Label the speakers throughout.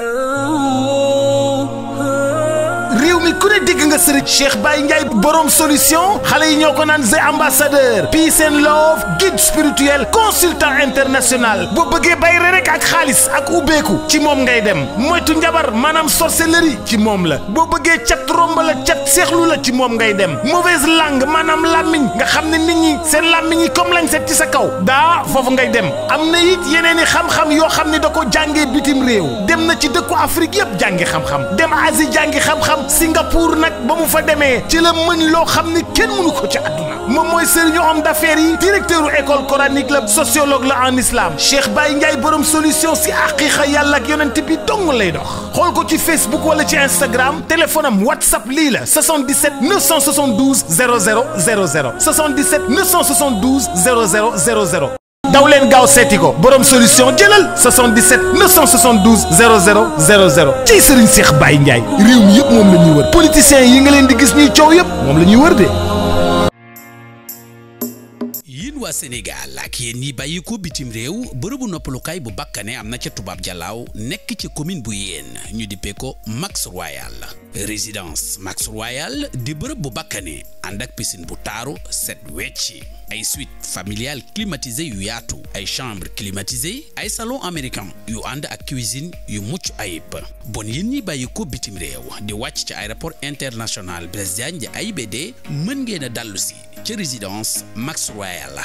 Speaker 1: Oh. bi ku ne dégg nga sëriñ Cheikh Baye Ndiaye borom solution xale yi ñoo ko naan the ambassadeur peace and love guide spirituel consultant international boo bëggee bayre rek ak xaalis ak ubbeeku ci moom ngay dem moytu njabar maanaam sorcellerie ci moom la boo bëggee cat romb la cat seexlu la ci moom ngay dem mauvaise làng maanaam làmmiñ nga xam ne nit ñi seen làmmiñ yi kom lañ set ci sa kaw daa foofu ngay dem am na it yeneen i xam-xam yoo xam ne da ko jàngee bitim réew dem na ci dëkku Afrique yëpp jàngi xam Singapour nak ba mu fa démé ci la mën lo xam ni kenn mënu ko ci aduna moom moy sëriñu am d'affaires yi directeur école coranique la sociologue la en islam Cheikh Baye Ndiaye borom solution ci aqiqa yalla ak yonent bi dong lay dox xol ko ci Facebook wala ci Instagram téléphone am WhatsApp li la 77 972 00 00 77 972 00 00 daw leen gaaw seeti ko borom solution jëlal 77 972 00 00 ci Serigne Cheikh Baye Ndiaye réew mi yëpp moom la ñuy wër politiciens yi nga leen di gis ñuy coow yëpp moom la ñuy wër de.
Speaker 2: yéen waa Sénégal ak yéen ñi bàyyi ko bitim réew bërëbu noppalukaay bu bakkane am na ca tubaab jalaaw nekk ci commune bu yéen ñu dippee ko Max Royal résidence Max Royal di bërëb bu bakkane ànd ak piscine bu taaru set wecci ay suite familiale climatisée yu yaatu ay chambre climatisée ay salon américain yu ànd ak cuisine yu mucc ayib bon yéen ñi bàyyi ko bitim di wàcc ci aéroport international Blaise Diagne di AIBD mën ngeen a dallu résidence Max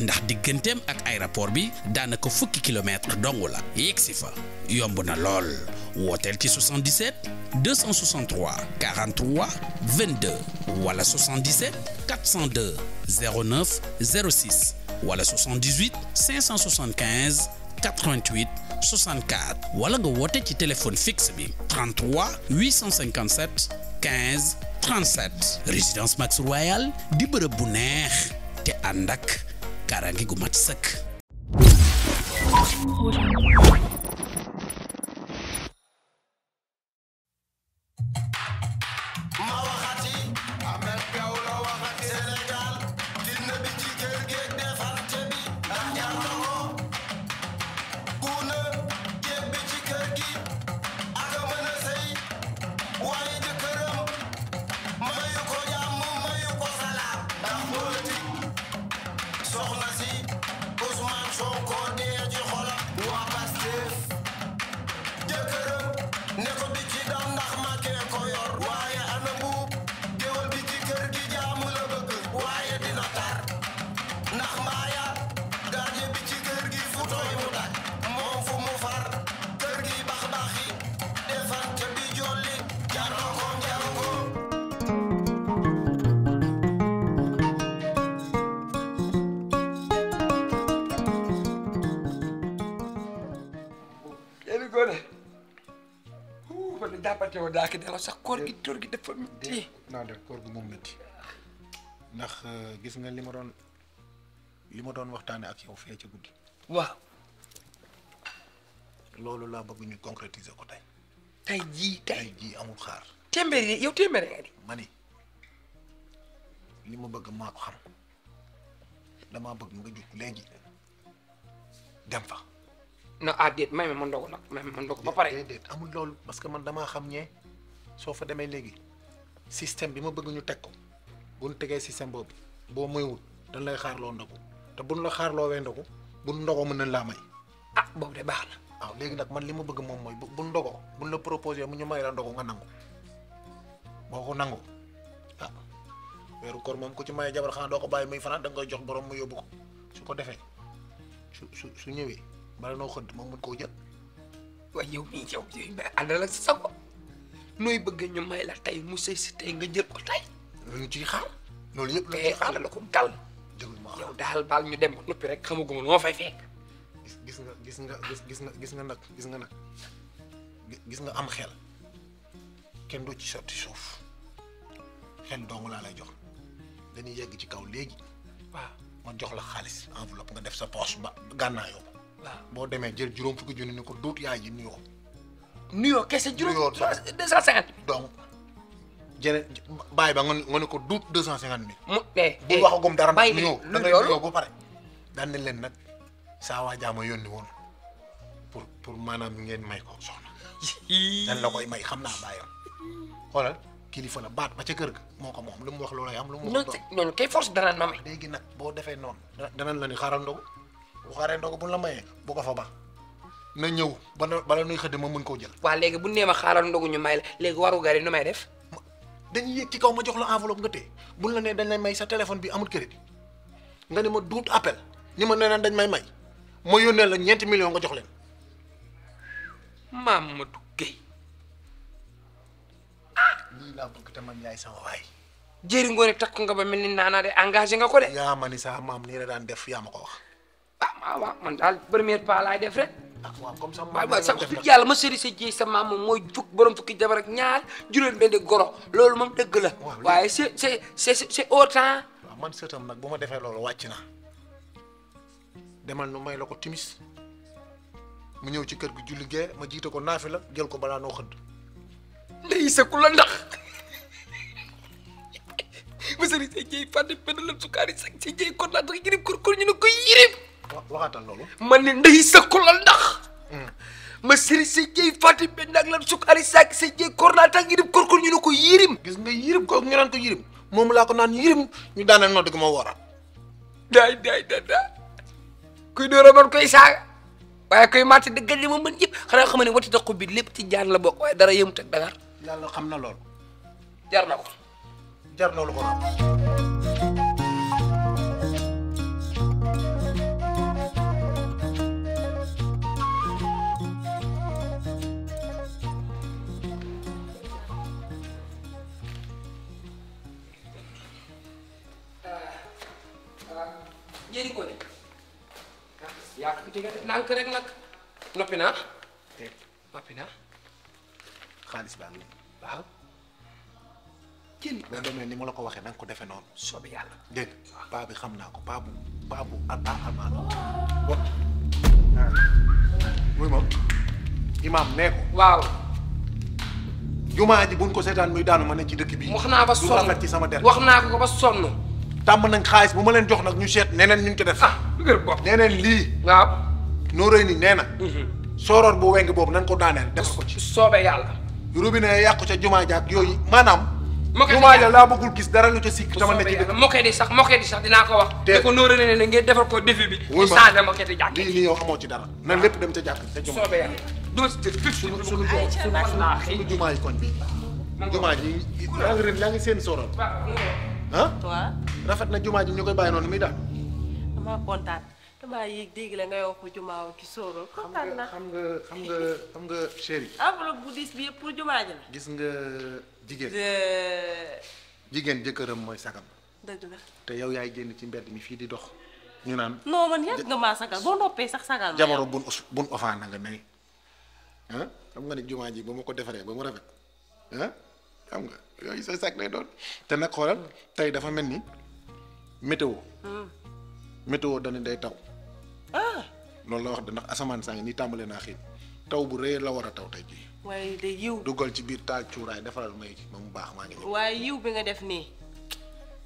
Speaker 2: ndax digentem ak aéroport bi danaka fukki kilomètre Yeksifa. la lol. fa 77 263 43 22 wala 77 402 09 06 wala 78 575 88 64 wala nga téléphone fixe 33 857 15 37 résidence Max Royal di bërëb te andak. kaaraange gu mat sëkk.
Speaker 3: ngoone man de daa ki delloo sax koor gi tóor gi dafa métti. ndax euh, gis nga li ma doon li ma doon waxtaanee ak yow fee ci guddi. waaw. loolu laa bëgg ñu concrétiser ko tey. jii tey jii amul xaar.
Speaker 1: téeméeri yow téeméeri
Speaker 3: nga di. ma li ma bëgg maa ko xam damaa bëgg nga jóg léegi dem fa. na ah déet may ma ma nak may ma ma ba pare amul loolu parce que man dama xam ñee so fa démé légui système bi ma bëgg ñu teg ko bu ñu tegee système boobu boo moywul dañ lay xaarloo ndogu te bu la xaar lo wé ñu buñ ndogo mëna la may ah boobu dé baax na waaw léegi nag man limu bëgg mom moy buñ ndogo buñ la proposer mu ñu may la ndogu nga nangu boko nangu ah wéru koor mom ku ci may jabar xanaa do ko bàyyi muy fanaan da nga jox borom mu yobbu ko su ko défé su su ñëwé bala noo xëdd moom mën koo jël waaye yow mii yow yow mais àndal ak sa ko nooy bëgg ñu may la tey mu sëy tey nga jël ko tey. loolu ñu ciy
Speaker 4: xaar loolu yëpp la ko gal yow daal baal ñu dem ba noppi rek xamaguma noo fay
Speaker 2: fekk.
Speaker 3: gis nga gis nga gis nga gis nga nag gis nga nag nga am xel kenn du ci sotti soof xel dong laa lay jox dañuy yegg ci kaw léegi. waaw ma jox la xaalis enveloppe nga def sa poche ba gànnaayoo. boo demee jël juróom fukki junni ko duut yaay ji nuyoo. nuyoo kese juróom deux cent cinquante. donc jërë bàyyi ba nga ne ko duut de cent cinquante mille. mu eh bu eh, waxagum dara nag nuyoo da ngay ba pare. daan nañ leen nag saa waa jaama yónni woon pour pour maanaam ngeen may ko soxna. dañ la koy may xam naa bàyyam xoolal kilifa la baat ba ca kër ga moo ko moom lu mu wax loolay am. lu mu wax loolu noonu kay force danaan ma may. léegi nag boo defee noonu. danañ la ni xaaral bu waxaaree ndogu bu la mayee bu ko fa ba na ñëw bana bala nuy xëdd ma mën koo jël waa léegi bu nee ma xaaral ndogu ñu may la léegi waru gari nu may def dañ yéeg ci kaw ma jox la enveloppe nga téye bu la nee dañ may sa téléphone bi amul crédit nga ni ma duut appel ni ma nee naan dañ may may ma yónnee la ñeenti million nga jox leen Mamadou Gueye lii laa bëgg te man yaay sama waay jëri ngoone takk nga ba mel ni naanaa de engagé nga ko de yaa ma ni sa maam nii la daan def yaa ma ko wax ah waaw waaw man daal première pas laay def rek. ak waaw comme sama maam sax yàlla ma sëri sa jéy sa maam moom
Speaker 4: mooy fukk borom fukki jabar ak ñaar juróom benn goro loolu moom dëgg la. waaye c'est c'est c'est c'est autant.
Speaker 3: waaw man sëtam nag bu ma defee loolu wàcc na demal nu may la ko timis mu ñëw ci kër gi julli gee ma jiite ko naafi la jël ko balaa noo xëdd. ndey sa ku la ndax
Speaker 4: ma sëri sa jéy fànn benn la sukkaari sa jéy kon laa tax yërib kur kur ñu ne ko yërib. waxaatal loolu. ma ne ndey sakku la ndax. Hmm. ma sëri sa jëy Fatim benn ak lan
Speaker 3: suk ali saak sa jëy koor naa tax ngirib korkor ñu ne ko yirim. gis nga yirim kooku ñu naan ko yirim moom laa ko naan yirim ñu daaneel noo dëgg ma wooraat. daay daay da daa kuy
Speaker 4: door a man koy saaga waaye koy màtt dëgg li ma mën yëpp xanaa xam ne wati da bi lépp ci jaan la
Speaker 3: bokk waaye dara yëmut ak dangar. yàlla xam na loolu. jar na ko. ko
Speaker 4: jëri ko ne
Speaker 3: xaalis baa ngi ni ma la ko waxee na ko defee noonu soobee yàlla bi xam naa ko paa bu paa bu alpaa almaa la bon muy moom imaam nee ko waaw jumaa ji buñ ko seetaan muy daanu ma ne ci dëkk bi wax naa ba sonn ci sama der wax naa ko ba sonn tàmm nañ xaalis bu ma leen jox nag ñu seet neneen ñu ngi ko def. ah dëgg bopp neneen lii. waaw nooree ni nee na. Mhm. sooroor bu weng boobu nañ ko daaneel def ko ci. soobee yàlla. robinet yàqu ca jumaa jaak yooyu maanaam. jumaa ja laa bëggul gis dara lu ca sikk. dama ne ci dëkk
Speaker 4: mokkee sax mokkee sax dinaa ko wax.
Speaker 3: te ko nooree ne ne bi. wuy ma changé mokkee di jàkk lii nii yow amoo ci dara. Ah. lépp dem ca jàkk ca jumaa. soobee yi koñ bi. jumaa ngi seen sooroor ah rafet na juma ji ñu koy bàyyi noonu muy daal.
Speaker 1: dama kontaan damaa yéeg
Speaker 4: dégg la ngay wax juma jumaaw ci sóoro. kontaan na xam nga xam
Speaker 3: nga xam nga chéri.
Speaker 4: avlo ah, budis
Speaker 2: bi yëpp pour juma ji la.
Speaker 3: gis nga jigéen. jigen jëkkëram moy sagam. dëgg la te yow yaay génn ci mbéd mi fi di dox. ñu naan
Speaker 2: non man yàgg nga ma sagal
Speaker 1: bo noppé sax sagal ma. jamono
Speaker 3: bun us bun ofaan nga ne hein xam nga ni juma ji bama ko défaré bama rafet hein xam nga yoy sa sak lay doon te nak xolal tay dafa melni météo hmm. météo dañ day taw ah loolu la wax de nak asaman sang ni tambalé na xit taw bu reey la wara taw tay jii
Speaker 2: waaye de yiw
Speaker 3: dugal ci bir taal ciuray defal may ci mom bax ma ngi
Speaker 2: waaye yiw bi nga def ni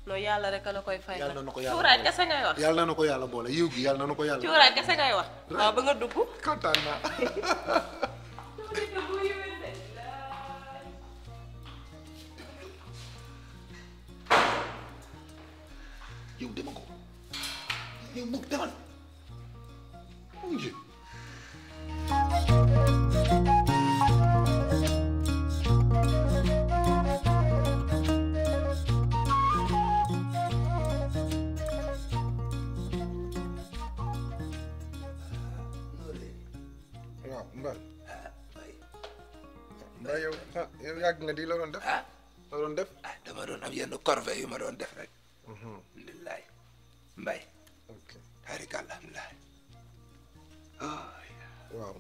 Speaker 2: no yalla rek la koy fay yalla nako yalla ciuray kessa ngay wax yalla
Speaker 3: nako yalla bolé yiw gi yalla nako yalla ciuray kessa ngay wax ba nga dugg kontaan Yıldırmak o. Yıldırmak değil mi? Oyuncu. Mbak. Mbak yow yow yàgg nga di la doon def. la doon def. dama doon am yenn corvée yu ma doon def rek. mbay ok xarik ah, waaw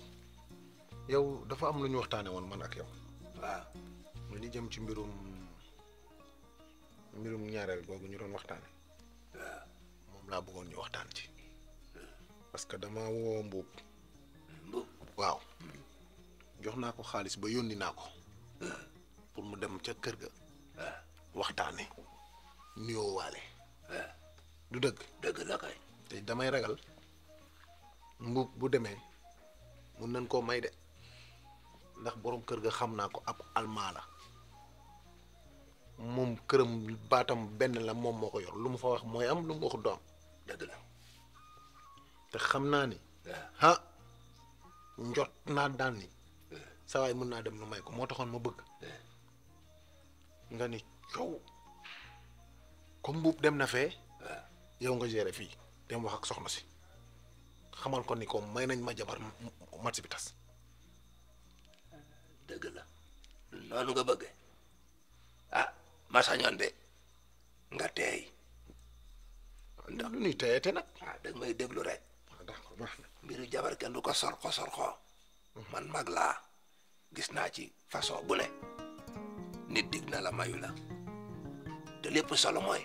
Speaker 3: yow dafa am lu ñu waxtaane woon man ak yow waaw ñu jëm ci mbirum mbirum ñaareel googu ñu doon waxtaane moom laa bëggoon ñu waxtaan ci parce que dama woo mbuub waaw hmm. jox naa ko xaalis ba yónni naa ko pour mu dem ca kër ga waxtaane nuyoo du deug deug la kay te damay ragal mbu bu demé eh. mën nañ ko may de ndax borom kër ga xamna ko ab alma la mom kërëm batam ben la mom moko yor lu mu fa wax moy am lu mu wax do deug la te xamna ni ha njot na dal ni sa way mën na dem lu may ko mo taxone ma bëgg nga ni ciow dem na fe yow nga géré fi dem wax ak soxna si xamal ko ni ko may nañ ma jabar match bi tass
Speaker 4: deug la noonu nga bëgg ah ma ñaan de nga tay ndax lu ni tay té nak ah dag may déglu rek. Ah, d'accord baax na mbiru jabar kën du ko sor ko man mag la gis na ci façon bu ne nit dig na la mayu la te lepp solo moy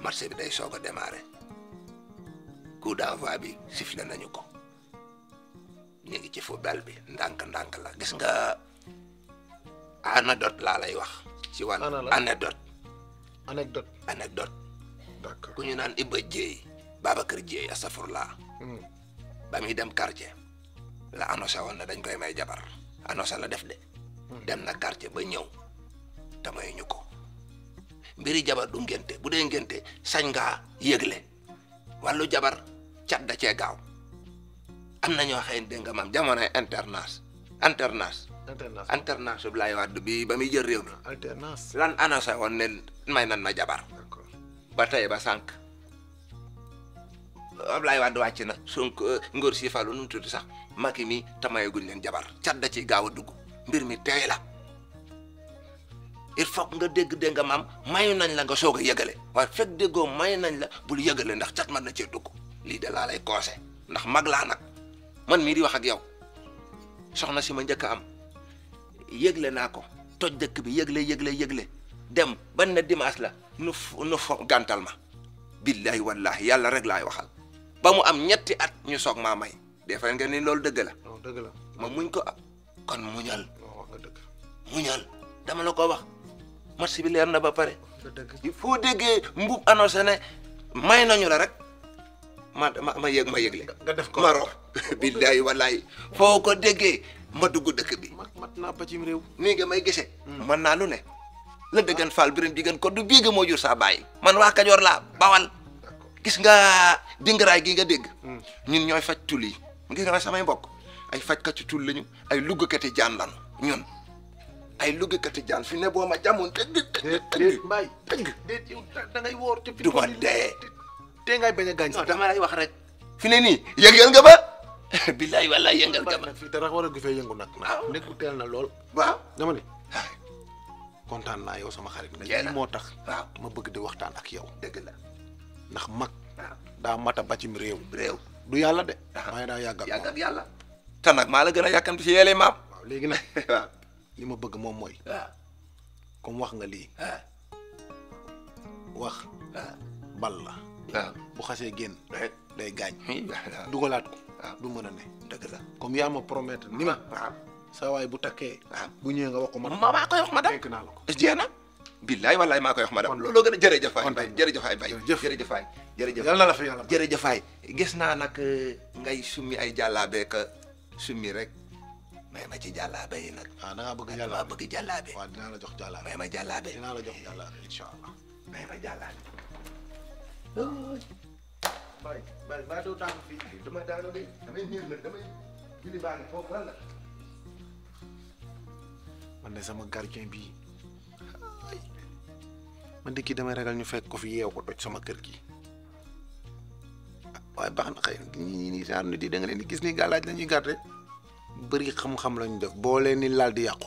Speaker 4: marché bi day soog a démarrer coup d'envoi bi sifflé nañu ko ñu ngi ci football bi ndànk-ndànk la gis nga anecdote laa lay wax. ci wàll anecdote anecdote ku ñu naan Iba Dieye Babacar Dieye astafurlaa hmm. ba muy dem quartier la annoncé woon na dañ koy may jabar annoncé la def de hmm. dem na quartier ba ñëw te may ñu ko mbiri jabar du ngénte bu dee ngénte sañ ngaa yëgle wàllu jabar cat da cee gaaw am na ñoo xëy dégg nga maam jamonoy internace internace internace bu laay wàdd bi ba muy jël réew mi alternance lan annoncé woon ne may nan ma jabar ba tey ba sànq Ablaye Wade wàcc na Sonko ngóor si falu nu mu tudd sax Macky mi tamayaguñ leen jabar cat da ciy gaaw a dugg mbir mi tey la il faut nga dégg dégg nga maam mayu nañ la nga soog a yëgale waaye fekk déggoo mayu nañ la bul yëgale ndax cat man na cee dugg lii da laa lay conseil ndax mag laa nag man mii di wax ak yow soxna si ma njëkk a am yëgle naa ko toj dëkk bi yëgle yëgle yëgle dem ban na dimanche la nu nu fo gàntal ma billahi wallahi yàlla rek laay waxal ba mu am ñetti at ñu soog maa may defe nga ni loolu dëgg la dëgg la ma muñ ko kon muñal muñal dama la ko marché bi leer na ba pare. il faut déggee mbub annoncé ne may nañu la rek ma ma ma yëg ma yëgle. nga def ko maro billahi wallahi wallaay foo ko déggee ma dugg dëkk bi. mat naa ci réew. nii nga may gisee. Hmm. man naa lu ne. la dëggan birim biram gën ko du bii nga moo jur saa bàyyi. man waa Kajoor laa bawal. gis nga dingaraay gi nga dégg. Hmm. ñun ñooy faj tul yi gis nga samay mbokk ay fajkati tul lañu ay luggkati jaan lañu ñun ay kat jaan fi ne bo ma jamon te te te mbay dëgg déet
Speaker 3: da ngay wor ci fi du ma dee te ngay baña gañ gaañ non dama lay wax rek fi ne nii yëngal nga ba billahi wallahi yëngal nga ba fi dara war a gu fe yëngu nak nek nekku teel na lol waaw dama ni kontaan na yow sama xarit nga lii moo tax ma bëgg di waxtaan ak yow deug la ndax mak da mata bacim rew rew du yalla de waaye da yàgg ak yalla te nak maa la gën a yàkkamti si yeele maam waaw léegi nag waaw li ma bëgg moom mooy. Ah. comme wax nga lii. Ah. wax. Ah. bal la. bu xasee génn. Eh. day gaañ. dugalaat ko. du mën a ne. dëgg la comme yaa ma promettre ni ma. sa waay bu takkee. bu ñëwee nga wax ko ma. maa koy wax madame fekk naa la ko.
Speaker 4: jeex na. billaay wallaay maa koy wax madame. looloo gën a jërëjëf waay bay jërëjëf waay bay jërëjëf waay. jërëjëf yàlla la fi yàlla. jërëjëf waay gis naa nag euh, ngay summi ay jàllaabeek euh, summi rek. may ma ci jàllaabe yi nag. ah da ngaa
Speaker 3: bëgg jàllaabe da bëgg jàllaabe. waaw dinaa la jox may ma dinaa la jox incha allah. may ma jàllaabe. bay bay baa doo tàng fii dama
Speaker 4: daanu de damay néew la damay juli baa ngi foofu lan la.
Speaker 3: man de sama gardien bi man de kii damay ragal ñu fekk ko fi yeew ko sama kër gi. waaye baax na xëy na ñi ñi ñi saa di da nga leen di gis ni gàllaaj bëri xam-xam lañu def boo leen ni laal di yàqu